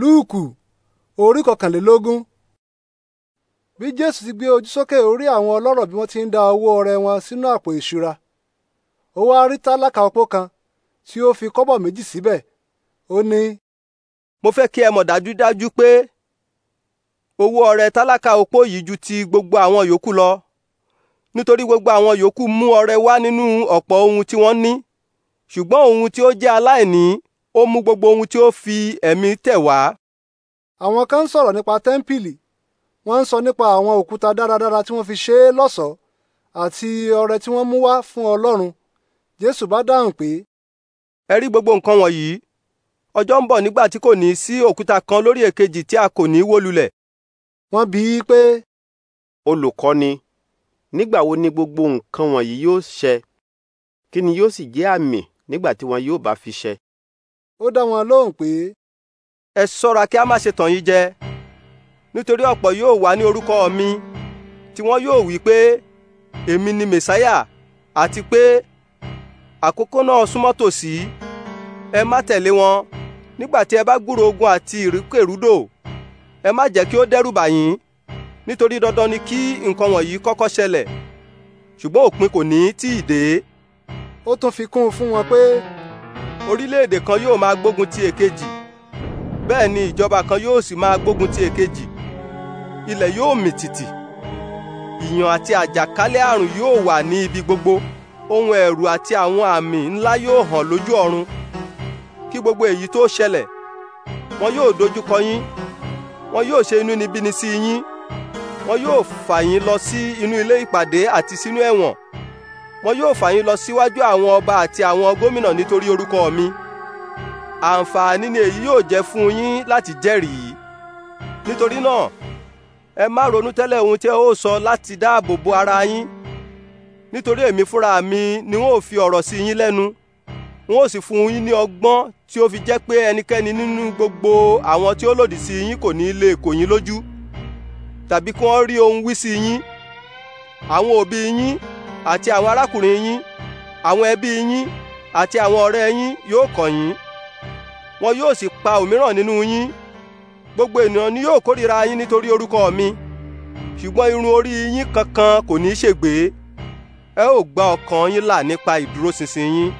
lúùkù orí kọkànlélógún bí jésù ti gbé ojú sókè orí àwọn ọlọ́rọ̀ bí wọ́n ti ń da owó ọrẹ wọn sínú àpò ìṣúra ó wá rí tálákà opó kan tí ó fi kọ́bọ̀ méjì síbẹ̀ ó ní. mo fẹ́ kí ẹ mọ̀ dájúdájú pé owó ọrẹ tálákà opó yìí ju ti gbogbo àwọn yòókù lọ nítorí gbogbo àwọn yòókù mú ọrẹ wá nínú ọ̀pọ̀ ohun tí wọ́n ní ṣùgbọ́n òun tí ó jẹ́ aláìní ó mú gbogbo ohun tí ó fi ẹ̀mí tẹ̀ wá. àwọn kan ń sọ̀rọ̀ nípa tẹ́ḿpìlì wọ́n ń sọ nípa àwọn òkúta dáradára tí wọ́n fi ṣe é lọ́ṣọ̀ọ́ àti ọrẹ tí wọ́n mú wá fún ọlọ́run jésù bá dáhùn pé. ẹ rí gbogbo nǹkan wọ̀nyí ọjọ́ ń bọ̀ nígbà tí kò ní sí òkúta kan lórí èkejì tí a kò ní wó lulẹ̀. wọ́n bi í pé. olùkọ́ni nígbà wo ni gbogbo nǹkan wọ̀nyí yóò ṣẹ kí ni yóò sì jẹ́ àmì nígbà tí wọn yóò bá fi ṣẹ ó dá wọn lóhùn pé. ẹ ṣọ́ra kí a má ṣe tàn yín jẹ nítorí ọ̀pọ̀ yóò wá ní orúkọ mi tí wọ́n yóò wí pé èmi ni mẹ̀sáyà àti pé àkókò náà súnmọ́ tòsí ẹ má tẹ̀lé wọn nígbà tí ẹ bá gbúrò ogun àti ìrúkèrúdò ẹ má jẹ́ kí ó dẹ́rù bà yín nítorí dandan ni kí nǹkan wọ̀nyí kọ́kọ́ ṣẹlẹ̀ ṣùgbọ́n òpin kò ní tí ì dé. ó tún fi kún un fún wọn pé. Pe orílẹ̀-èdè kan yóò máa gbógun ti èkejì bẹ́ẹ̀ ni ìjọba kan yóò sì máa gbógun ti èkejì ilẹ̀ yóò mì tìtì ìyàn àti àjàkálẹ̀ àrùn yóò wà ní ibi gbogbo ohun ẹ̀rù àti àwọn àmì ńlá yóò hàn lójú ọ̀run kí gbogbo èyí tó ṣẹlẹ̀ wọn yóò dojúkọ yín wọn yóò ṣe inúnibíni sí yín wọn yóò fà yín lọ sí inú ilé ìpàdé àti sínú ẹ̀wọ̀n wọn yóò fà yín lọ síwájú àwọn ọba àti àwọn gómìnà nítorí orúkọ mi àǹfààní ni èyí yóò jẹ́ fún yín láti jẹ́rìí nítorí náà ẹ má ronú tẹ́lẹ̀ ohun tí ẹ ó sọ láti dáàbò bo ara yín nítorí èmi fúnra mi ni wọn ò fi ọ̀rọ̀ sí yín lẹ́nu wọn ò sì fún yín ní ọgbọ́n tí ó fi jẹ́ pé ẹnikẹ́ni nínú gbogbo àwọn tí ó lòdì sí yín kò ní lè kò yín lójú tàbí kí wọ́n rí ohun wí sí yín àwọn òbí yín àti àwọn arákùnrin yín àwọn ẹbí yín àti àwọn ọ̀rẹ́ yín yóò kọ̀ yín wọn yóò sì pa òmíràn nínú yín gbogbo ènìyàn ni yóò kórìíra yín nítorí orúkọ mi ṣùgbọ́n irun orí yín kankan kò ní í ṣègbé ẹ ò gba ọkàn yín là nípa ìdúróṣinṣin yín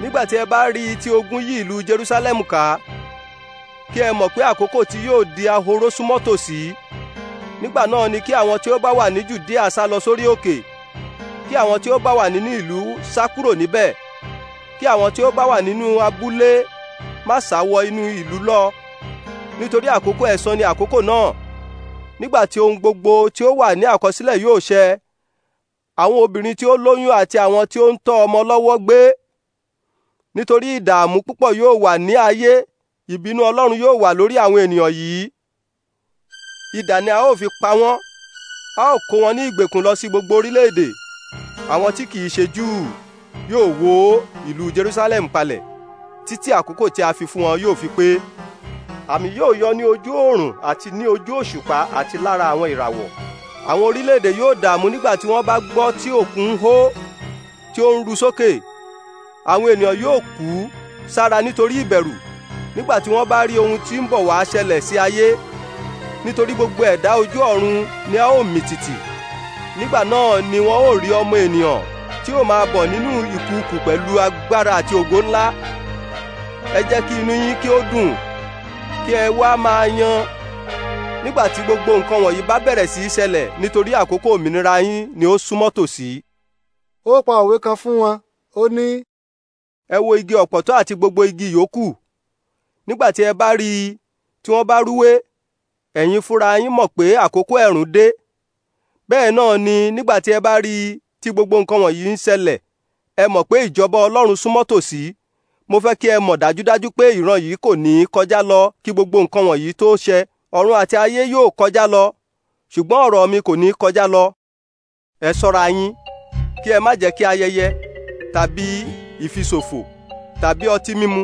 nígbà tí ẹ bá rí tí ogun yí ìlú Jerusalem ká kí ẹ mọ̀ pé àkókò tí yóò di ahoro súnmọ́ tòsí nígbà náà ni kí àwọn tí ó bá wà ní Jùdíà sá lọ sórí òkè. Okay kí àwọn tí ó bá wà nínú ìlú sá kúrò níbẹ̀ kí àwọn tí ó bá wà nínú abúlé má sá wọ inú ìlú lọ nítorí àkókò ẹ̀san ni àkókò náà nígbà tí ohun gbogbo tí ó wà ní àkọsílẹ̀ yóò ṣẹ àwọn obìnrin tí ó lóyún àti àwọn tí ó ń tọ́ ọmọ lọ́wọ́ gbé nítorí ìdààmú púpọ̀ yóò wà ní ayé ìbínú Ọlọ́run yóò wà lórí àwọn ènìyàn yìí idà ni a ó fi pa wọ́n a ó kó wọn ní ìgbèkùn lọ sí gbogbo orílẹ̀-èdè àwọn tí kìí ṣe Júù yóò wó ìlú Jerusalem palẹ̀ títí àkókò tí a fi fún wọn yóò fi pé àmì yóò yọ ní ojú oòrùn àti ní ojú òṣùpá àti lára àwọn ìràwọ̀ àwọn orílẹ̀-èdè yóò dààmú nígbà tí wọ́n bá gbọ́ tí òkun ń hó tí ó ń ru sókè àwọn ènìyàn yóò kú sára nítorí ìbẹ̀rù nígbà tí wọ́n bá rí ohun tí ń bọ̀ wá ṣẹlẹ̀ sí ayé nítorí gbogbo ẹ̀dá ojú ọ̀run ni a ó mì tìtì nígbà náà ni wọn ó rí ọmọ ènìyàn tí ó máa bọ̀ nínú ìkúùkù pẹ̀lú agbára àti ògo ńlá ẹ jẹ́ kí inú yín kí ó dùn kí ẹ wá máa yan nígbà tí gbogbo nǹkan wọ̀nyí bá bẹ̀rẹ̀ sí í ṣẹlẹ̀ nítorí àkókò òmìnira yín ni ó súnmọ́ tòsí. ó pa òwe kan fún wọn ó ní. ẹ wo igi ọ̀pọ̀tọ́ àti gbogbo igi yòókù nígbà tí ẹ bá rí i tí wọ́n bá rúwé ẹ̀yin fúnra yín mọ̀ pé àkókò ẹ̀rùn dé bẹ́ẹ̀ náà ni nígbà tí ẹ bá rí i tí gbogbo nǹkan wọ̀nyí ń ṣẹlẹ̀ ẹ mọ̀ pé ìjọba ọlọ́run súnmọ́ tòsí mo fẹ́ kí ẹ mọ̀ dájúdájú pé ìran yìí kò ní kọjá lọ kí gbogbo nǹkan wọ̀nyí tó ṣẹ ọ̀run àti ayé yóò kọjá lọ ṣùgbọ́n ọ̀rọ̀ mi kò ní kọjá lọ ẹ ṣọ́ra yín kí ẹ má jẹ́ kí ayẹyẹ tàbí ìfiṣòfò tàbí ọtí mímu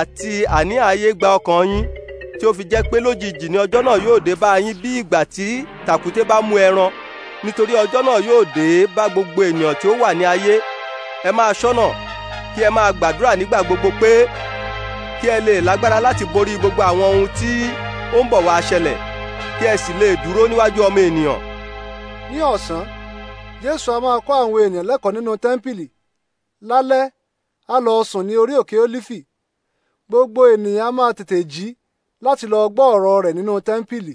àti àní ààyè gba ọkàn yín tí ó fi jẹ́ pé lójijì ni ọjọ́ náà yóò dé bá yín bí ìgbà tí tàkúté bá mú ẹran nítorí ọjọ́ náà yóò dé bá gbogbo ènìyàn tí ó wà ní ayé ẹ máa ṣọ́nà kí ẹ máa gbàdúrà nígbà gbogbo pé kí ẹ lè lágbára láti borí gbogbo àwọn ohun tí ó ń bọ̀ wá ṣẹlẹ̀ kí ẹ sì lè dúró níwájú ọmọ ènìyàn. ní ọ̀sán jésù a máa kọ́ àwọn èèyàn lẹ́kọ̀ọ́ nínú tẹ́ḿpìlì lálẹ́ a lọ sùn ní orí òkè ólífì gbogbo ènìyàn a máa tètè jí láti lọ gbọ́ ọ̀rọ̀ rẹ̀ nínú tẹ́ḿpìlì